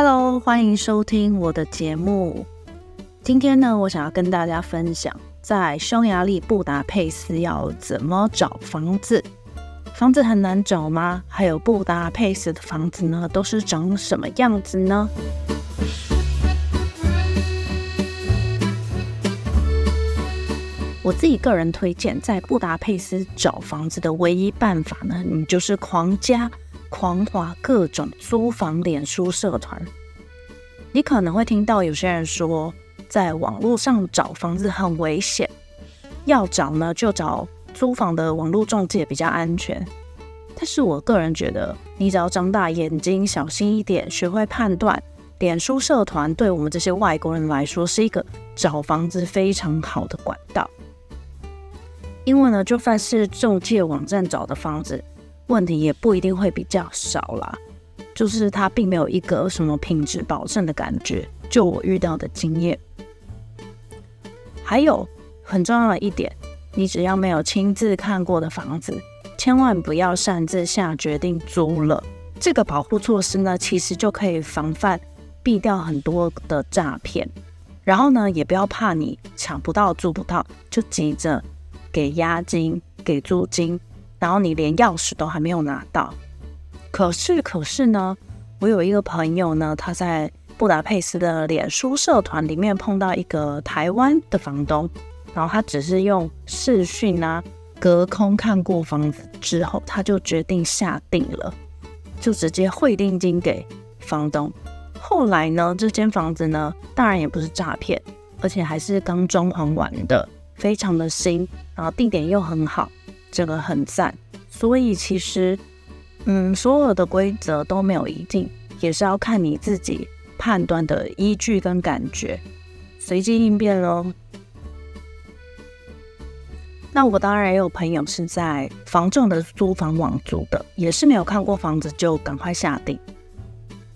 Hello，歡迎收聽我的節目。今天呢，我想要跟大家分享，在匈牙利布達佩斯要怎麼找房子。房子很難找嗎？還有布達佩斯的房子呢，都是長什麼樣子呢？我自己個人推薦，在布達佩斯找房子的唯一辦法呢，你就是狂加，狂劃各種租房、臉書社團，你可能會聽到有些人說，在網絡上找房子很危險，要找呢就找租房的網絡中介比較安全。但是我個人覺得，你只要睜大眼睛、小心一點，學會判斷，臉書社團對我們這些外國人來說是一個找房子非常好的管道，因為呢，就算是中介網站找的房子。問題也不一定會比較少啦，就是它並沒有一個什麼品質保證的感覺。就我遇到的經驗，還有很重要的一點，你只要沒有親自看過的房子，千萬不要擅自下決定租了。這個保護措施呢，其實就可以防範、避掉很多的詐騙。然後呢，也不要怕你搶不到、租不到，就急着給押金、給租金。然後你連鑰匙都還沒有拿到，可是可是呢，我有一個朋友呢，他在布達佩斯的臉書社團裡面碰到一個台灣的房東，然後他只是用視訊啊，隔空看過房子之後，他就決定下定了，就直接匯定金給房東。後來呢，這間房子呢，當然也不是詐騙，而且還是剛裝潢完的，非常的新，然後地點又很好。這個很讚，所以其實，嗯，所有的規則都沒有一定，也是要看你自己判斷的依據跟感覺，隨機應變咯。那我當然也有朋友是在房仲的租房網租的，也是沒有看過房子就趕快下定。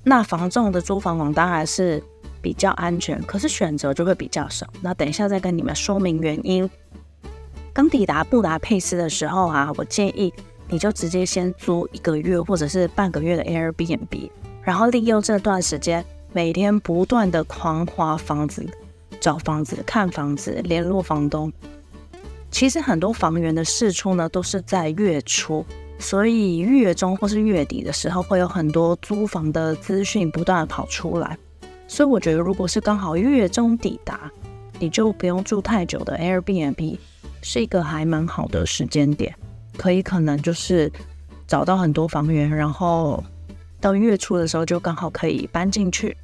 那房仲的租房網當然是比較安全，可是選擇就會比較少。那等一下再跟你們說明原因。剛抵達布達佩斯的時候啊，我建議你就直接先租一個月或者是半個月的 Airbnb，然後利用這段時間每天不斷的狂滑房子、找房子、看房子、聯絡房東。其實很多房源的釋出呢都是在月初，所以月中或是月底的時候會有很多租房的資訊不斷的跑出來，所以我覺得如果是剛好月中抵達，你就不用住太久的 Airbnb。是一個還蠻好的時間點，可以可能就是找到很多房源，然後到月初的時候就剛好可以搬進去。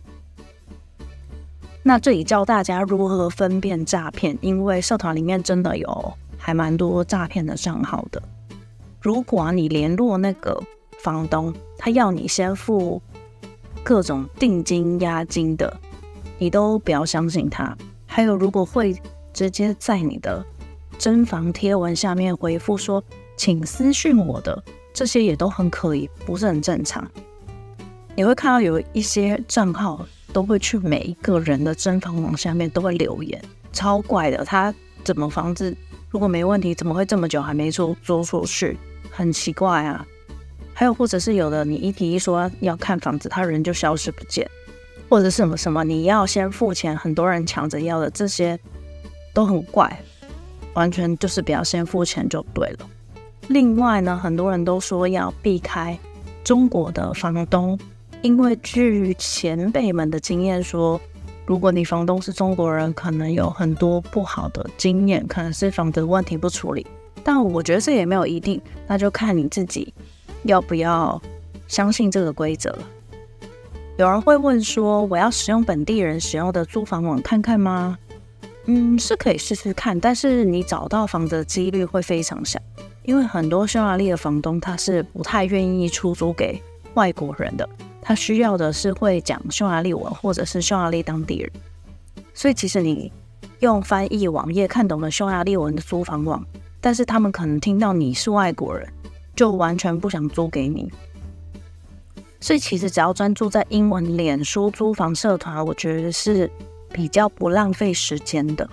那這裡教大家如何分辨詐騙，因為社團裡面真的有還蠻多詐騙的賬號的。如果你聯絡那個房東，他要你先付各種定金押金的，你都不要相信他。還有，如果會直接在你的租房貼文下面回覆說：“請私信我的這些也都很可疑，不是很正常。”你會看到有一些賬號都會去每一個人的租房網下面都會留言，超怪的。他怎麼房子如果沒問題，怎麼會這麼久還沒出租出去？很奇怪啊！還有或者是有的你一提一說要看房子，他人就消失不見，或者是什麼什麼你要先付錢，很多人搶着要的這些都很怪。完全就是不要先付錢就對了。另外呢，很多人都說要避開中國的房東，因為據前輩們的經驗說，如果你房東是中國人，可能有很多不好的經驗，可能是房子問題不處理。但我覺得這也沒有一定，那就看你自己要不要相信這個規則了。有人會問說，我要使用本地人使用的租房網看看嗎？嗯，是可以試試看，但是你找到房子的幾率會非常小，因為很多匈牙利的房東他是不太願意出租給外國人的，他需要的是會講匈牙利文或者是匈牙利當地人。所以其實你用翻譯網頁看懂了匈牙利文的租房網，但是他們可能聽到你是外國人，就完全不想租給你。所以其實只要專注在英文臉書租房社團，我覺得是。比較不浪費時間的，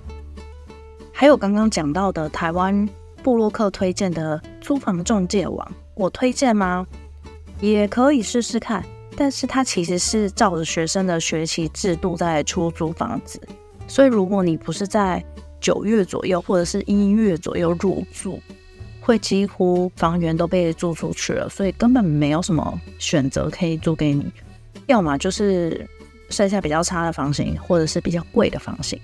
還有剛剛講到的台灣部落客推薦的租房仲介網，我推薦嗎？也可以試試看，但是它其實是照着學生的學期制度在出租房子，所以如果你不是在九月左右或者是一月左右入住，會幾乎房源都被租出去了，所以根本沒有什麼選擇可以租給你，要麼就是。剩下比較差的房型，或者是比較貴的房型，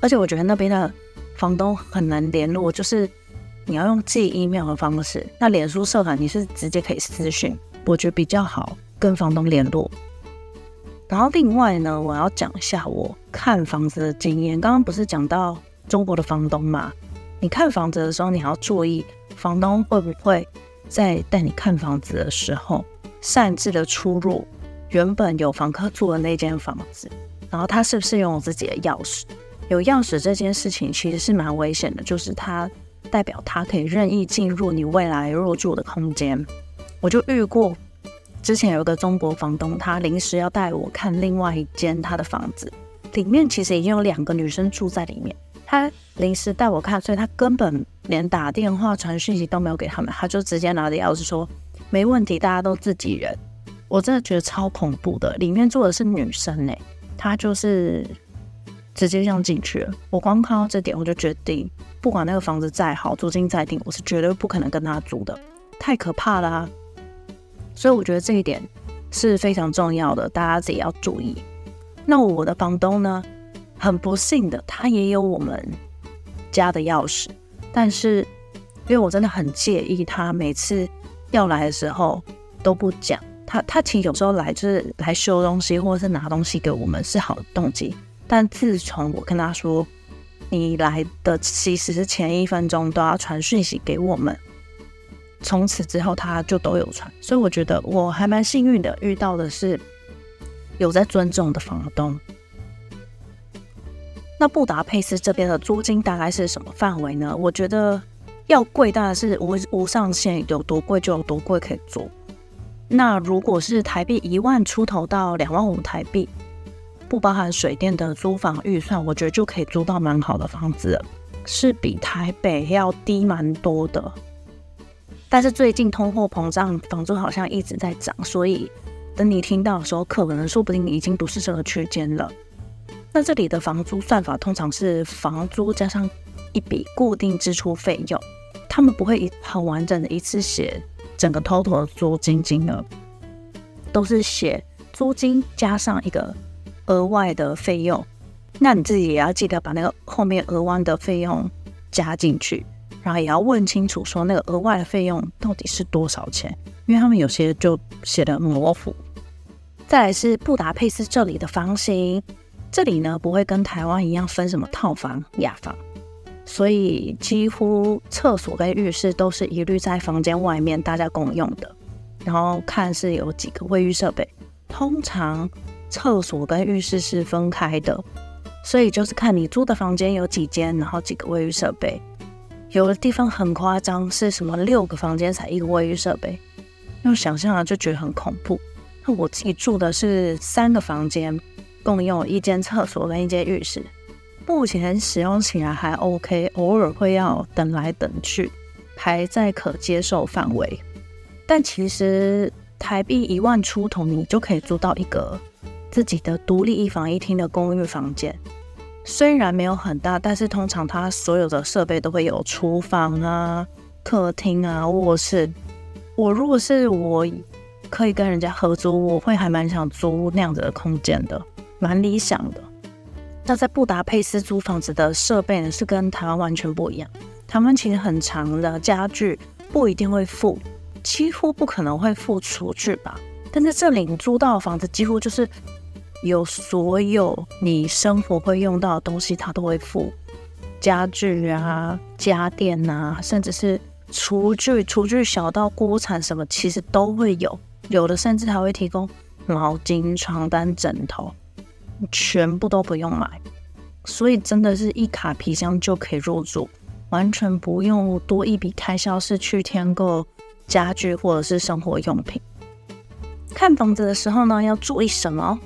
而且我覺得那邊的房東很難聯絡，就是你要用寄 email 的方式。那臉書社團你是直接可以私訊，我覺得比較好跟房東聯絡。然後另外呢，我要講一下我看房子的經驗。剛剛不是講到中國的房東嘛？你看房子的時候，你還要注意房東會不會在帶你看房子的時候擅自的出入。原本有房客住的那間房子，然後他是不是擁有自己的鑰匙？有鑰匙這件事情其實是蠻危險的，就是它代表他可以任意進入你未來入住的空間。我就遇過，之前有一個中國房東，他臨時要帶我看另外一間他的房子，裡面其實已經有兩個女生住在裡面，他臨時帶我看，所以他根本連打電話傳訊息都沒有給他們，他就直接拿着鑰匙說：“沒問題，大家都自己人。”我真的覺得超恐怖的，裡面住的是女生哎、欸，她就是直接這樣進去了。我光看到這點，我就決定，不管那個房子再好，租金再低，我是絕對不可能跟他租的，太可怕了、啊。所以我覺得這一點是非常重要的，大家自己要注意。那我的房東呢，很不幸的，他也有我們家的鑰匙，但是因為我真的很介意他每次要來的時候都不講。他他其實有時候來就是來修東西，或者是拿東西給我們，是好的動機。但自從我跟他說，你來的其實是前一分鐘都要傳訊息給我們，從此之後他就都有傳。所以我覺得我還蠻幸運的，遇到的是有在尊重的房東。那布達佩斯這邊的租金大概是什麼範圍呢？我覺得要貴，當然是無無上限，有多貴就有多貴可以租。那如果是台幣一萬出頭到兩萬五台幣，不包含水電的租房預算，我覺得就可以租到蠻好的房子，是比台北要低蠻多的。但是最近通貨膨脹，房租好像一直在漲，所以等你聽到的時候，可能說不定已經不是這個區間了。那這裡的房租算法通常是房租加上一筆固定支出費用，他們不會一很完整的一次寫。整個 total 的租金金額，都是寫租金加上一個額外的費用，那你自己也要記得把那個後面額外的費用加進去，然後也要問清楚說那個額外的費用到底是多少錢，因為他們有些就寫的模糊。再來是布達佩斯這裡的房型，這裡呢，不會跟台灣一樣分什麼套房、雅房。所以幾乎廁所跟浴室都是一律在房間外面，大家共用的。然後看是有幾個衛浴設備。通常廁所跟浴室是分開的，所以就是看你租的房間有幾間，然後幾個衛浴設備。有的地方很誇張，是什麼六個房間才一個衛浴設備，那想象啊就覺得很恐怖。那我自己住的是三個房間，共用一間廁所跟一間浴室。目前使用起來還 OK，偶爾會要等來等去，還在可接受範圍。但其實台幣一萬出頭，你就可以租到一個自己的獨立一房一廳的公寓房間。雖然沒有很大，但是通常它所有的設備都會有廚房啊、客廳啊、臥室。我如果是我可以跟人家合租，我會還蠻想租那樣子的空間的，蠻理想的。那在布達佩斯租房子的設備呢，是跟台灣完全不一樣。他們其實很長的家具不一定會附，幾乎不可能會附廚具吧。但是這裡你租到的房子，幾乎就是有所有你生活會用到的東西，它都會附。家具啊、家電啊，甚至是廚具，廚具小到鍋鏟什麼，其實都會有。有的甚至還會提供毛巾、床單、枕頭。全部都不用買，所以真的是一卡皮箱就可以入住，完全不用多一筆開銷是去添購家具，或者是生活用品。看房子的時候呢，要注意什麼？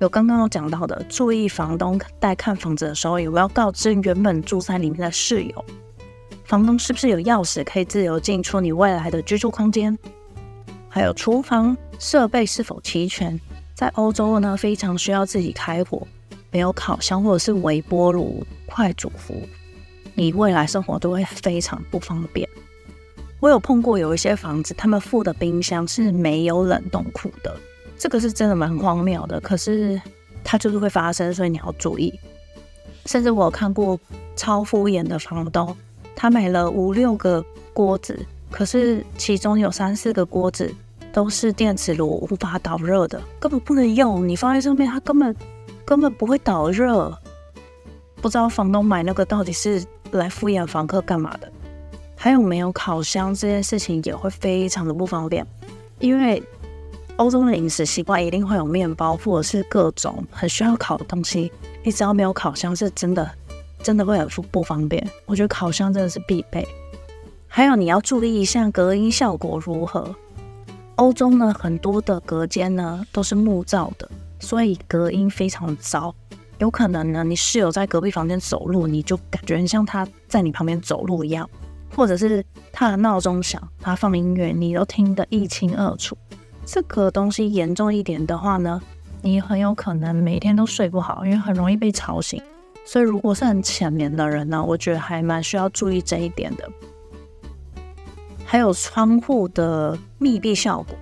有剛剛有講到的，注意房東帶看房子的時候，有沒有告知原本住在裡面的室友，房東是不是有鑰匙可以自由進出你未來的居住空間，還有廚房設備是否齊全。在歐洲呢，非常需要自己開火，沒有烤箱或者是微波爐、快煮壺，你未來生活都會非常不方便。我有碰過有一些房子，他們附的冰箱是沒有冷凍庫的，這個是真的蠻荒謬的。可是它就是會發生，所以你要注意。甚至我有看過超敷衍的房東，他買了五六個鍋子，可是其中有三四個鍋子。都是電磁爐無法導熱的，根本不能用。你放在上面，它根本根本不會導熱。不知道房東買那個到底是來敷衍房客幹嘛的？還有沒有烤箱這件事情也會非常的不方便。因為歐洲的飲食習慣一定會有麵包或者是各種很需要烤的東西。你只要沒有烤箱，是真的真的會很不方便。我覺得烤箱真的是必備。還有你要注意一下隔音效果如何。歐洲呢，很多的隔間呢都是木造的，所以隔音非常糟。有可能呢，你室友在隔壁房間走路，你就感覺很像他在你旁邊走路一樣，或者是他的鬧鐘響，他放音樂，你都聽得一清二楚。這個東西嚴重一點的話呢，你很有可能每天都睡不好，因為很容易被吵醒。所以，如果是很淺眠的人呢，我覺得還蠻需要注意這一點的。還有窗戶的密閉效果，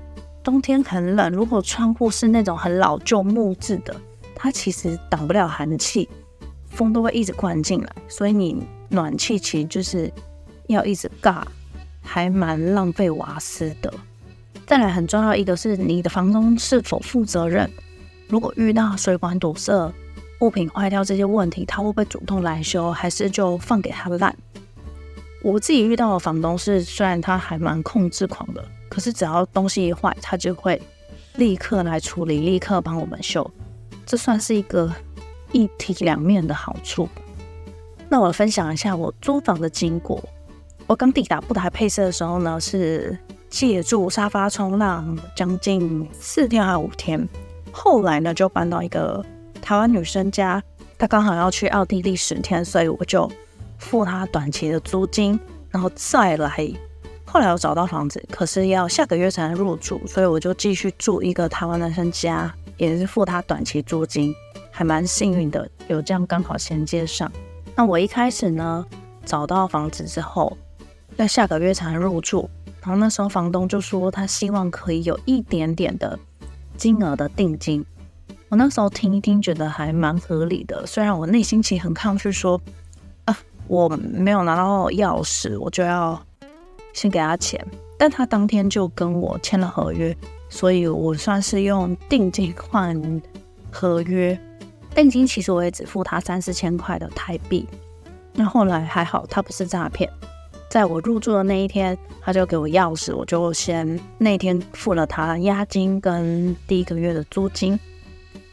冬天很冷。如果窗戶是那種很老舊木質的，它其實擋不了寒氣，風都會一直灌進來。所以你暖氣其實就是要一直尬，還蠻浪費瓦斯的。再來，很重要一個，是你的房東是否負責任。如果遇到水管堵塞、物品壞掉這些問題，他會不會主動來修，還是就放給他爛？我自己遇到的房東是，雖然他還蠻控制狂的，可是只要東西一壞，他就會立刻來處理，立刻幫我們修。這算是一個一體兩面的好處。那我分享一下我租房的經過。我剛抵達布達佩斯的時候呢，是借住沙發衝浪將近四天還是五天。後來呢，就搬到一個台灣女生家，她剛好要去奧地利十天，所以我就。付他短期的租金，然後再來。後來我找到房子，可是要下個月才能入住，所以我就繼續住一個台灣男生家，也是付他短期租金。還蠻幸運的，有這樣剛好銜接上。那我一開始呢，找到房子之後，要下個月才能入住，然後那時候房東就說他希望可以有一點點的金額的定金。我那時候聽一聽，覺得還蠻合理的，雖然我內心其實很抗拒說。我沒有拿到鑰匙，我就要先給他錢，但他當天就跟我簽了合約，所以我算是用定金換合約。定金其實我也只付他三四千塊的台幣。那後來還好，他不是詐騙。在我入住的那一天，他就給我鑰匙，我就先那天付了他押金跟第一個月的租金。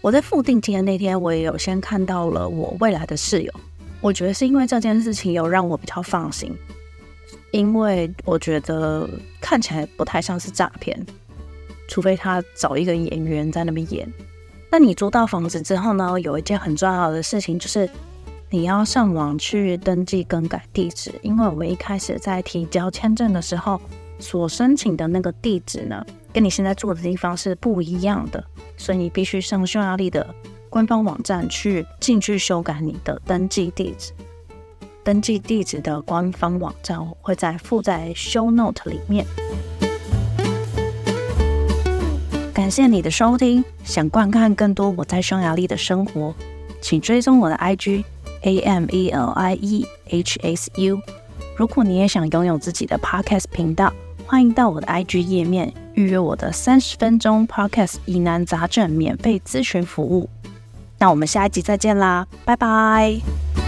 我在付定金的那天，我也有先看到了我未來的室友。我覺得是因為這件事情有讓我比較放心，因為我覺得看起來不太像是詐騙，除非他找一個演員在那邊演。那你租到房子之後呢？有一件很重要的事情，就是你要上網去登記更改地址，因為我們一開始在提交簽證的時候所申請的那個地址呢，跟你現在住的地方是不一樣的，所以你必須上匈牙利的。官方網站去進去修改你的登記地址。登記地址的官方網站會在附在 show note 裡面。感謝你的收聽。想觀看更多我在匈牙利的生活，請追蹤我的 IG A M E L I E H S U。如果你也想擁有自己的 podcast 頻道，歡迎到我的 IG 頁面預約我的三十分鐘 podcast 疑難雜症免費諮詢服務。那我們下一集再見啦，拜拜。